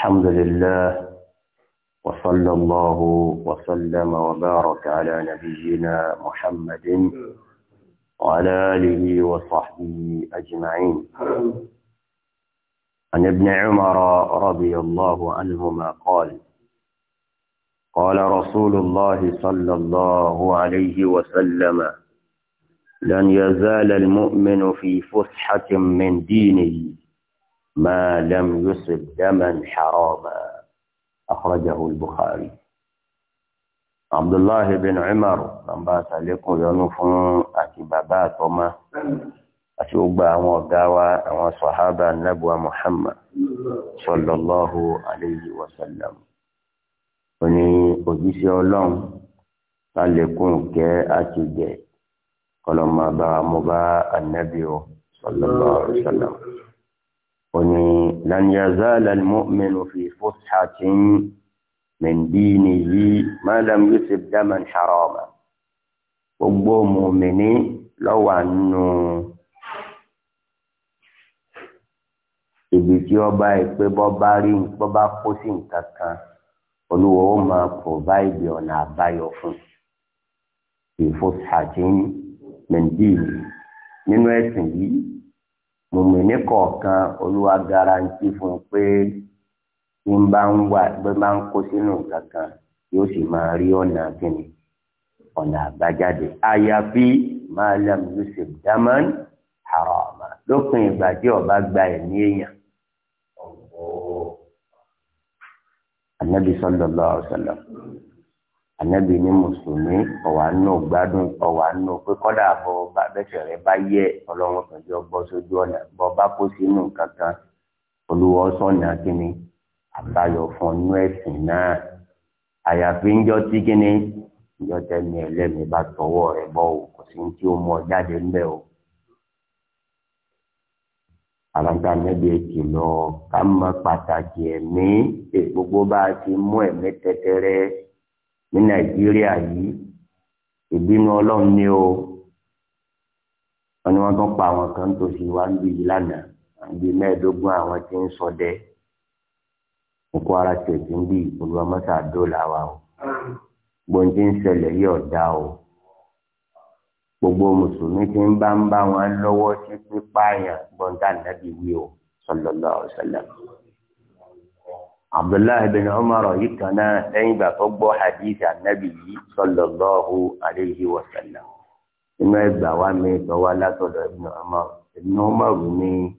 الحمد لله وصلى الله وسلم وبارك على نبينا محمد وعلى آله وصحبه أجمعين عن ابن عمر رضي الله عنهما قال قال رسول الله صلى الله عليه وسلم لن يزال المؤمن في فسحة من دينه ما لم يصب دما حراما أخرجه البخاري عبد الله بن عمر نبا سالكم ينفون أتي بابا توما أتي أبا وقاوى وصحابة النبوة محمد صلى الله عليه وسلم وني أجيسي أولون سالكم كي أتي جي قلما با مبا النبي صلى الله عليه وسلم oni lan yazala almu'minu fi fushatin min dinihi ma lam yusib daman harama gbogbo mùmíní lọ́wọ́ nù ibi tí ọba ìpè bọ́ba rí bọ́ba kó sí nǹkan kan olúwo ó máa provide ọ̀nà àbáyọ fún fi fushatin nínú ẹ̀sìn yìí mùmìnì kọ̀ọ̀kan olúwa garanti fún un pé bí n bá ń wà bí n bá ń kó sínú kankan yóò sì máa rí ọ̀nà kíni ọ̀nà àbájáde àyàfi máa yusuf daman harama lópin ìgbà tí ọba gba ẹ̀mí èèyàn. Ànábì sallallahu alaihi wasallam ànábì ní mùsùlùmí ọ̀wà nù gbádùn ọ̀wà nù pé kọ́dà bọ́ bẹ́sẹ̀ rẹ bá yẹ ọlọ́run kànjọ́ bọ́ sójú ọ̀nà bọ́ bá kó sínú kankan olúwọ́ sọ̀nà kínní àbáyọ fún inú ẹ̀sìn náà àyàfi ńjọ́ tí kínní ńjọ́ tẹ́mi ẹlẹ́mi bá tọwọ́ rẹ bọ́ ò kò sí tí ó mọ jáde ńbẹ o. àlàntà nẹ́bí èkì ká mọ pàtàkì ẹ̀mí gbogbo bá a ti mú ẹ̀mí tẹ́tẹ́rẹ́ ní nàìjíríà yìí ìbínú ọlọ́run ní o wọn ni wọn tún pa àwọn kan tó sì wá ń bí yìí lánàá àbí mẹ́ẹ̀ẹ́dógún àwọn tí ń ṣọdẹ Boko Haram tètè ń bí olùwàmọ́sà dóòlà wa o gbòǹdé ń ṣẹlẹ̀ yìí ọ̀dà o gbogbo mùsùlùmí tí ń bá ń bá wọn lọ́wọ́ sí pípààyàn gbọ̀ǹda nàbí wí o sallallahu alaihi عبد الله بن عمر يتنا سين بقبو حديث النبي صلى الله عليه وسلم إما الزوامي بوالة ابن عمر ابن عمر بني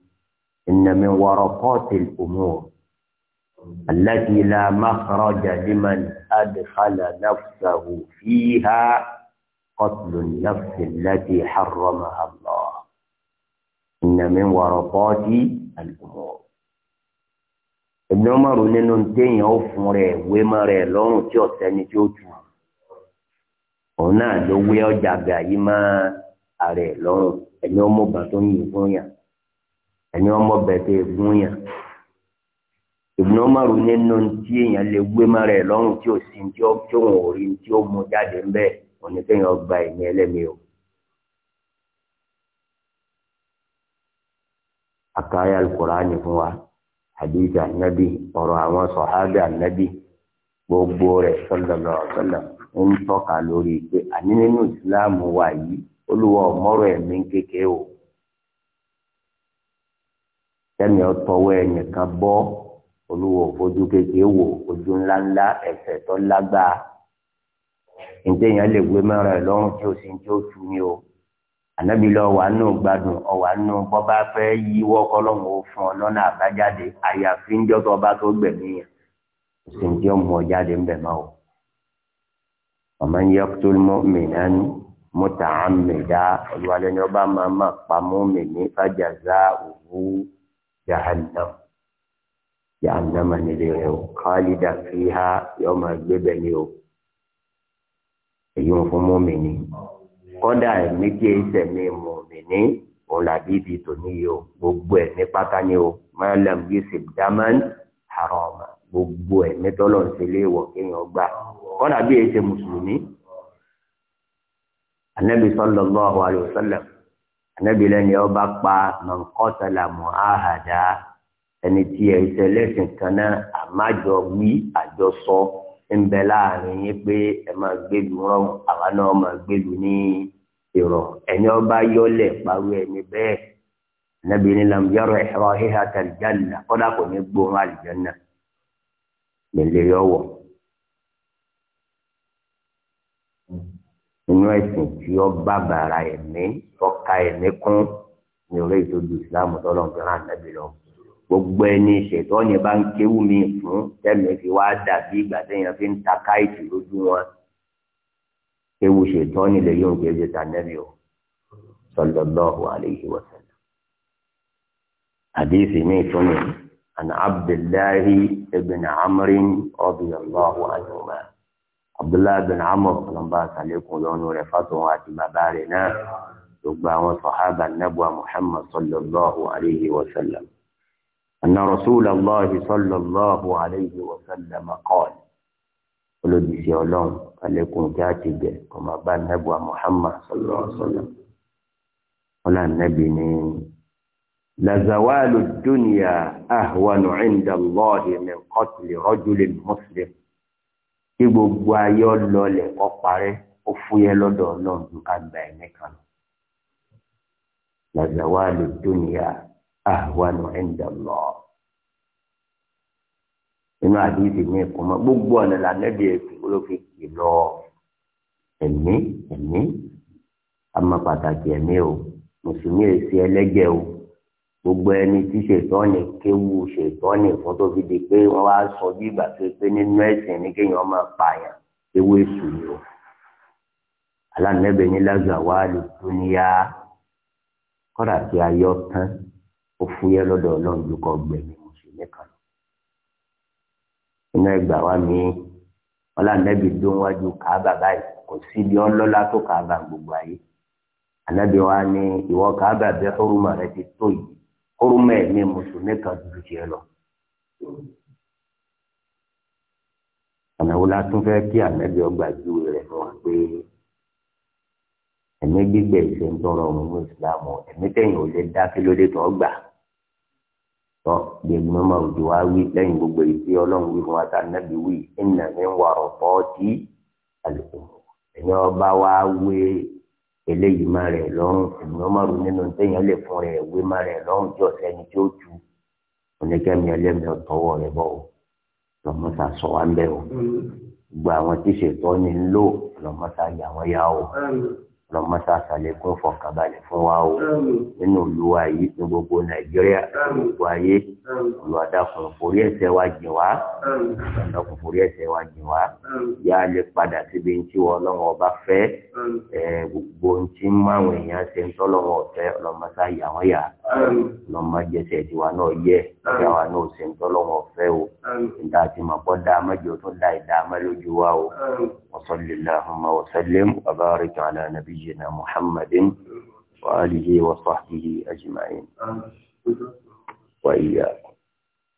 إن من ورقات الأمور التي لا مخرج لمن أدخل نفسه فيها قتل النفس التي حرمها الله إن من ورقات الأمور Ibn Umar nínú téèyàn ó fún rẹ̀ wémọ́ rẹ̀ lọ́rùn tí ọ̀sẹ́ni tí ó tù òun náà ló wé ọjà gàyí mọ́ ààrẹ lọ́rùn ẹni ọmọ ọba tó ń yin fún yàn ẹni ọmọ ọbẹ̀ tó ń gún yàn Ibn Umar nínú tí èèyàn lè wé mọ́ rẹ̀ lọ́rùn tí ò sí tí ó tí òun ò rí tí ó mú jáde ń bẹ́ẹ̀ òun ni kéèyàn gba o. àkàyà Al-Qur'ani fún wa. hadith anabi ọ̀rọ̀ àwọn sọ̀hábì anabi gbogbo rẹ̀ sọlọlọ sọlọ k'a lori ike pé àní nínú ìsìláàmù wa yìí olúwa ọmọrọ ẹ̀mí kékeré o sẹ́mi ọ̀tọ̀wọ́ ẹnìkan bọ́ olúwa òfojú kékeré wò ojú ńláńlá ẹ̀ṣẹ̀ tó lágbáa ǹjẹ́ èèyàn ànábì lọ wà nù gbádùn ọwà nù bọba fẹ yíwọ kọlọhún ó fún ọ lọ́nà àbájáde àyàfi ń jọtọ ọba tó gbẹ̀mí yẹn òsèǹ tí ó mú ọ jáde ń bẹ mọ o ọmọ ń yẹ tó mọ mìíràn mọta àmìlá olùwàlẹ ni ọba máa ma pa mìíràn fàjàzá òwú jahannam jahannam nílé rẹ o kálídà fíhá yọọ máa gbé bẹ ní o èyí ń fún mọ mìíràn kọ́dà ẹ̀mí tí èyí sẹ̀mí mùmìnì òun làbí ibi tòní yìí pátá ni o máa lẹ̀ bí sèbdámán harama gbogbo ẹ̀mí tọ́lọ̀ ń ṣe léèwọ̀ kéèyàn gbà kọ́dà bí èyí mùsùlùmí. anabi sallallahu alayhi wa sallam anabi lẹni ọba pa man qatala mu'ahada ẹni tí ẹ ìṣẹlẹsìn kan náà àmájọ wí àjọsọ ń bẹ láàrin yín pé ẹ máa gbèlú rọrùn àwa náà máa gbèlú ní ìrọ̀ ẹni ọba yọlẹ̀ parí ẹni bẹ́ẹ̀ nàbí ni lam yọrọ ẹ̀rọ híhà tàlìjánà kọ́dà kò ní gbóhùn àlìjánà nílé yọwọ́. inú ẹ̀sìn tí ó bá bàrà ẹ̀mí ọ̀ka ẹ̀mí kún ní orí ìtòjú ìsìlámù tọ́lọ́ ń nàbí lọ́wọ́ gbogbo ẹni ṣètò ọ̀nì bá ń kéwù mí fún tẹ́mi fi wá dàbí ìgbà téèyàn fi ń ta káìtì lójú wọn kéwù ṣètò ọ̀nì lè yóò kéde tànẹ́bí o sallallahu alayhi wa sallam. Hadisi mi tuni an Abdullahi ibn Amrin radiyallahu anhuma. Abdullahi ibn Amr ọlọ́mbà sàlékún lọ́nu rẹ̀ fàtòun àti bàbá rẹ̀ náà gbogbo àwọn sàhábà nàbùwà Muhammad sallallahu alayhi wa sallam. أن رسول الله صلى الله عليه وسلم قال olódì sí ọlọ́run alẹ́kùn kí á ti bẹ̀ ọmọ bá nẹ́bùà Muhammad sọlọ sọlọ ọlá nẹ́bì ni lazawalu dunya ahwanu inda Allahi min qatli rajulin muslim kí gbogbo ayé ọlọlẹ kó parẹ́ ó fúyẹ́ lọ́dọ̀ ọlọ́run ká gba ẹ̀mí kan lazawalu dunya ahwanu inda Allah inú àdìsí mi kò mọ gbogbo ọ̀nà lànàbí ẹ̀sìn ló fi kì lọ ẹ̀mí ẹ̀mí àmọ́ pàtàkì ẹ̀mí o mùsùlùmí èsì ẹlẹ́jẹ̀ o gbogbo ẹni tí ṣètọ́ni kéwu ṣètọ́ni fún tó fi di pé wọ́n wá sọ bí ìgbà pé nínú ẹ̀sìn ní kéèyàn máa pààyàn ewu èṣù ni o alánàbẹ̀ ní lásìkò àwa lè tún níyà kọ́dà tán ó fúyẹ́ lọ́dọ̀ ọlọ́run ló kọ́ gbẹ̀mí mùsùlùmí kan lọ. iná ẹgbà wa mi ọlànàbí tó ń wájú kàábà báyìí kò sí ibi ọlọ́lá tó kàábà gbogbo ayé ànábì wa ni ìwọ kàábà bẹ ọrùmọ rẹ ti tó yìí ọrùmọ ẹ ní mùsùlùmí kan ju tiẹ̀ lọ. ọ̀nà tún fẹ́ kí ànábì ọgbà ju rẹ̀ fún wa pé ẹ̀mí gbígbẹ̀ ìṣẹ́ ń tọrọ ọ̀run ní ìsìlámù ẹ̀mí ò lè dá kí lóde tó gbà tọ́ bí ẹni mọ́mọ́ òjò wá wí lẹ́yìn gbogbo èyí tí ọlọ́run wí fún wa tá nábì wí ẹ̀nà ní wà ọ̀pọ̀ tí àlùkò ẹ̀yìn ọba wa wé eléyìí má rẹ̀ lọ́rùn ẹ̀yìn mọ́mọ́ rò nínú téèyàn lè fún rẹ̀ wé má rẹ̀ lọ́rùn tí ọ̀sẹ̀ ni tí ó tu oníkẹ́mi ẹlẹ́mi ọ̀tọ́wọ́ rẹ̀ bọ̀ lọ́mọ́sà sọ wá ń bẹ̀ o gbogbo àwọn tíṣètọ́ ni ń lò lọ́mọ́sà yà wọ́n yá o lọ́mọ́sá àtàlẹ́kùn fọkàbalẹ̀ fún wa o nínú olúwa yìí ní gbogbo nàìjíríà gbogbo ayé olùwà dákun forí ẹ̀ṣẹ̀ wa jì wá dákun forí ẹ̀ṣẹ̀ wa jì wá yá lè padà síbi ntí wọn ọlọ́run ọba fẹ́ gbogbo ntí máwọn èèyàn ṣe ń tọ́lọ́wọ́ ọ̀fẹ́ ọlọ́mọṣá yà wọ́n yà lọ́mọ jẹsẹ̀ tiwa náà yẹ ọjà wa náà ṣe ń tọ́lọ́wọ́ ọ̀fẹ́ o ìdá àti màkọ́ dá mẹ́jọ tó dá ìdá mẹ́lójú wa o wasalilahuma wasalim abarik Bahia.